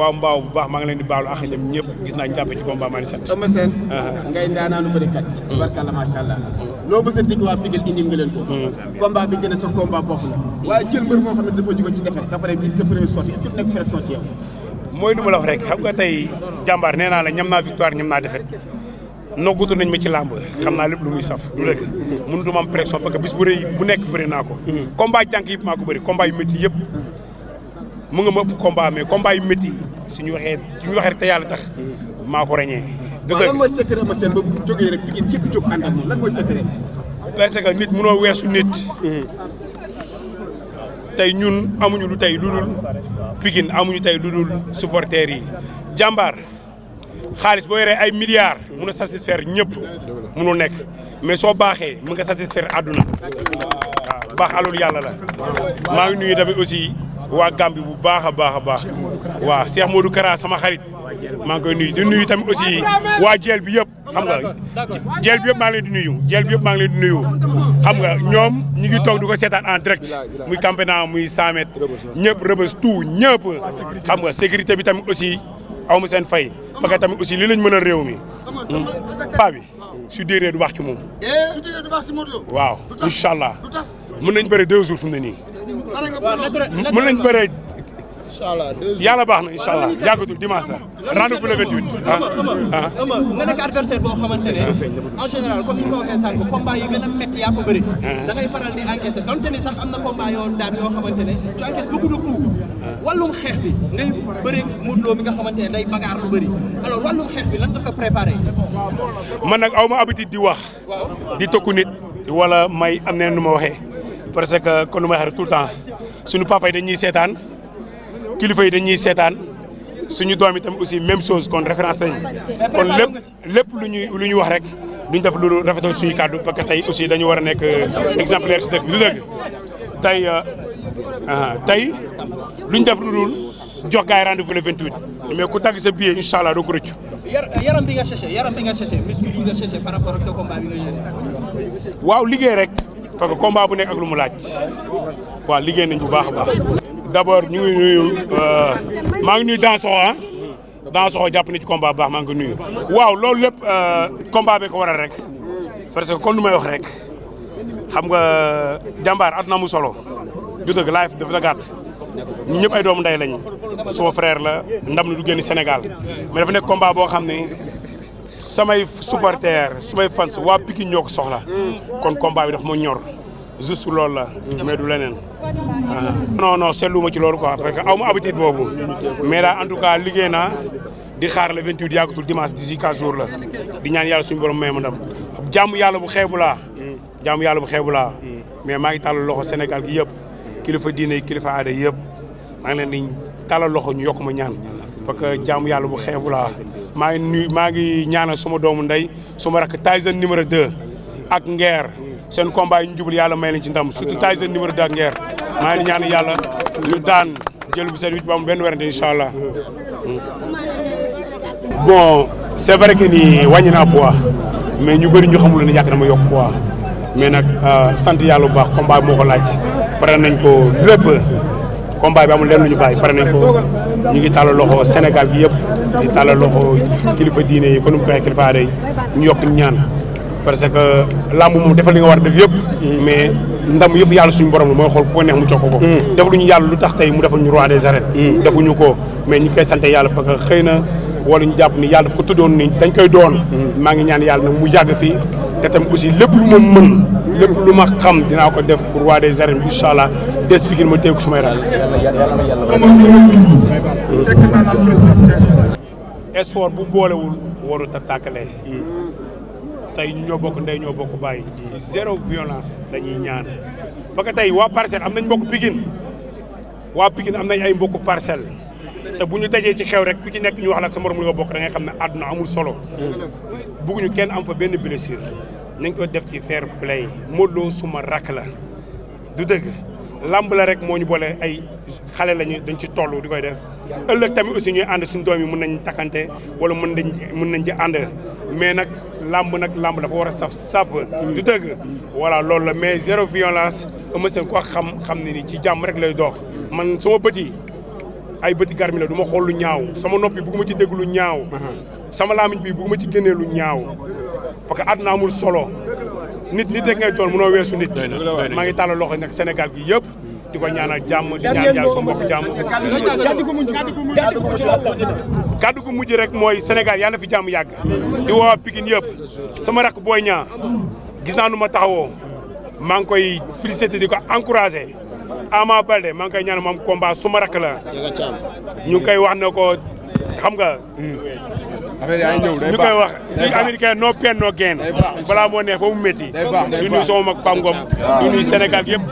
waaw mbaaw bu baax maa di baalu ak ñoom ñëpp gis naa ñu jàpp ci combat maa ngi sant. Eumeu Sène. Ah, ah. ngay ndaanaanu bërikat. Hmm. barkalla macha allah. loo mës a dégg waa Pikine indi nga leen ko. Hmm. combat bi a sa combat bopp la. waaye jël mbër moo xam ne dafa jóge ci defet ba pare sa première sortie est-ce nekk pression ci yow. mooy du la wax rek xam nga tey ñam naa victoire ñam naa defet noggutu nañ ma ci làmb xam mu nga ma ëpp combat mais combat yu suñu waxee suñu waxee rek te yàlla tax maa ko reñee ma seen ba bu jógee rek Pikine yëpp jóg ànd que nit mënoo weesu nit tey ñun amuñu lu tey lu dul amuñu tey lu dul supporters yi jàmbaar xaalis boo yoree ay milliards mun a satisfaire ñëpp munul nekk mais soo baaxee mën nga satisfaire àdduna waaw baax yàlla la maa ngi tamit aussi waa Gambie bu baax a baax a baax waaw ma Modou Kara sama xarit maa ngi koy nuyu di aussi waa jeel bi yëpp xam nga jeel bi yëpp maa ngi leen di nuyu jeel yëpp maa ngi leen di nuyu xam nga ñoom ñu ngi toog di ko seetaan en direct muy naa muy 100 ñëpp rëbës tout ñëpp xam nga sécurité bi tamit aussi aw ma seen fay parce que tamit aussi li lañ mën a réew mi hmm. paa bi su déeree du wax ci moom eh, waaw incha allah mën nañ bëri deux jour fu mu nii mën nañ bëre incha allah baax na incha allah yàggatul dimanche la rendez-vous le 28. Ah, ah nga nekk adversaire boo xamante ne en général comme ni nga ko waxee sànq combat yi gën a métti yaa ko bëri. Ah. da faral di encaisser donte ni sax am na combat yoo daan yoo xamante ne tu encaisses beaucoup de coups. Ah. xeex bi ngay bëri Modou Lo nga xamante ne day bagaar lu bëri alors wàllum xeex bi lan nga ko préparé. man nag aw ma di wax. di tokku nit. may ma waxee. parce que kon nu may xare tout le temps suñu papa dañuy seetaan kilifa yi dañuy seetaan suñu doom yi tam aussi même chose kon référence lañ kon lépp lépp lu ñuy lu ñuy wax rek duñ def lu rafetal suñu kàddu parce que tey aussi dañu war nek exemple euh, exemplaire si dëkk bi lu dëgg tey euh, ah, tey luñ def lu dul jox gars yi rendez-vous le 28 mais ku tagg sa billet incha allah doo ko waaw liggéey rek. parce que combat bu nekk ak lu mu laaj waaw liggéey nañ bu baax a baax. d'abord ñu ngi nuyu euh, maa ngi nuy Dansokho ah Dansokho jàpp na ci combat bu baax maa ngi ko nuyu. waaw loolu lépp euh, combat bi ko waral rek parce que kon nu may wax rek xam nga jàmbaar at na mu solo ju dëgg life dafa gàtt ñu ñëpp ay doomu ndey lañ suma la ndam lu du génn Sénégal mais dafa nekk combat boo xam ne. samay supporters samay fans waa Pikine ñoo ko soxla kon combat bi daf ma ñor juste loolu la mais du leneen no ah. no seetlu ma ci loolu quoi parce que aw ma habitude boobu mais daal en tout cas liggéey naa di xaar le 28 yàggatul dimanche d'ici 15 jours la di ñaan yàlla suñu borom may ma ndam jàmm yàlla bu xeebu laa jàmm yàlla bu xeebu laa mais maa ngi tàllal loxo Sénégal gi yëpp kilifa diine yi kilifa aada yëpp maa ngi leen di tàllal loxo ñu yokk ma ñaan parce que jaamu yàlla bu xeebu laa maa ngi nuyu maa ngi ñaanal suma doomu ndey suma rakk Tyson numéro de ak Nguer seen combat yi ñu yàlla may leen ci ndam surtout Tyson numéro 2 ak Nguer maa yàlla ñu daan jël bu seen wicc ba benn werante incha allah. bon c'est vrai que ni wàññi mais ñu bëri ñu xamul ne yàgg na ma yokk poids mais nag euh, sant yàlla bu baax combat moo laaj pare nañ ko lépp. combat bi amul lenn lu ñu bàyyi pare nañ ko ñu ngi tàllal loxo Sénégal gi yëpp di tàllal loxo kilifa diine yi kon nu mu koy kilifa aada yi ñu yokk ñaan parce que làmb moom defal li nga war a def yëpp. mais ndam yëpp yàlla suñu borom la mooy xool ku ko neex mu cokk ko. Mm. defaluñu yàlla lu tax tey mu defal ñu roi des arènes. Mm. defuñu ko mais ñu koy sant yàlla parce que xëy na wala ñu jàpp ni yàlla daf ko tuddoon ni dañ koy doon. Mm. maa ngi ñaan yàlla na mu yàgg fii te tam aussi lépp lu ma mën. lépp lu ma xam dinaa ko def pour waa des arènes incha allah des Pikine ma téye ko sumay rakk. sport bu boolewul warut a tàkkale. ñu ñoo bokk ndey ñoo bokk bàyyi. zéro violence dañuy ñaan parce que tey waa parcelle am nañ mbokk Pikine waa Pikine am nañ ay mbokk parcelle te bu ñu dajee ci xew rek ku ci nekk ñu wax la ak sa morom li bokk da am xam ne amul solo. bëgguñu kenn am fa benn blessure. nañ ko def ci fair play Modou Lo suma rakk la du dëgg lamb la rek moo ñu boole ay xale lañu dañ ci tollu di koy def ëllëg tamit aussi ñuy ànd suñu doom yi mën nañ takkante wala mën nañ mën nañ ci ànd mais nag lamb nag lamb dafa war a saf sàpp du dëgg voilà loolu la mais zéro violence Eumeu ko xam xam ne ni ci jàmm rek lay dox man sama bët yi ay bëti garmi la du ma xool lu ñaaw sama noppi bugguma ci dégg lu ñaaw sama laamiñ bi bugguma ci génnee lu ñaaw parce que àdduna amul solo nit nit rek ngay mu mënoo weesu nit. maa ngi tàllal loxo nag Sénégal gi yëpp. di ko ñaanal jàmm di ñaan yàlla sa mbokk jàmm. kàddu gu mujj kàddu rek mooy Sénégal yàlla na fi jàmm yàgg. di woo Pikine yëpp sama rakk Boy Niang naa nu ma taxawoo maa ngi koy félicité di ko encouragé. Ama Balde maa ngi koy ñaan moom combat suma rakk la ñu ngi koy wax ne ko xam nga. affaire yaa ngi ñëw day baax ñu koy wax li américain noo peen noo geen balaa moo neex foofu métti. day Pangom. waaw di Sénégal yëpp.